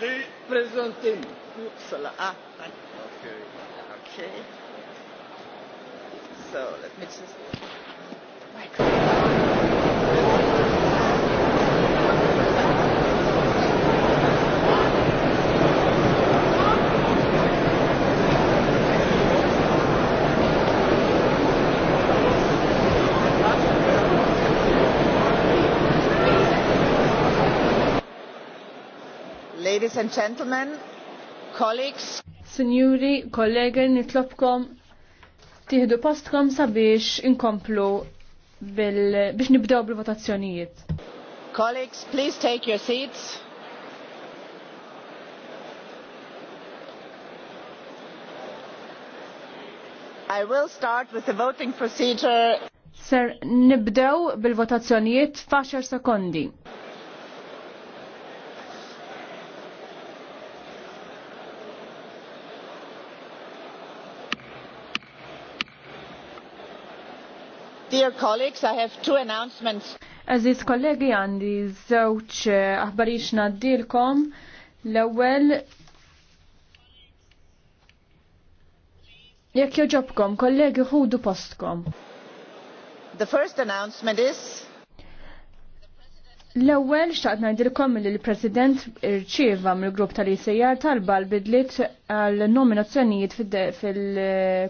présenter. Présenter. Ursula. Ah, thank you. Okay. Okay. So, let me just... Ladies and gentlemen, colleagues. Signori, kollegi, nitlobkom tiħdu postkom sabiex inkomplu bil, biex nibdew bil-votazzjonijiet. Colleagues, please take your seats. I will start with the voting procedure. Ser nibdew bil-votazzjonijiet 10 sekondi. Dear colleagues, I have two announcements. Aziz kollegi għandi zewċ eh, aħbarix naddilkom. l ewel jekk joġobkom, kollegi ħudu postkom. The first announcement is L-ewwel xtaqt ngħidilkom li l-President irċieva mill-grupp tal-ISR e talba l-bidliet għal nominazzjonijiet fil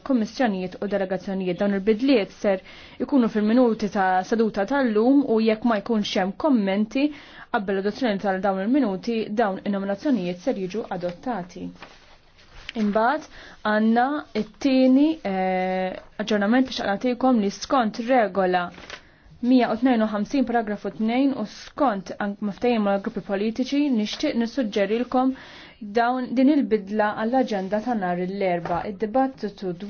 komissjonijiet u delegazzjonijiet. Dawn il-bidliet ser ikunu fil-minuti ta' seduta tal-lum u jekk ma jkunx hemm kommenti qabel adozzjoni tal dawn il-minuti dawn il nominazzjonijiet ser jiġu adottati. Imbagħad għandna it-tieni eh, aġġornament biex nagħtikom li skont regola 152 paragrafu 2 u skont ank maftajim ma' gruppi politiċi nixtieq nissuġġerilkom dawn din il-bidla għall-aġenda ta' nhar l-erba' id-dibattitu dwar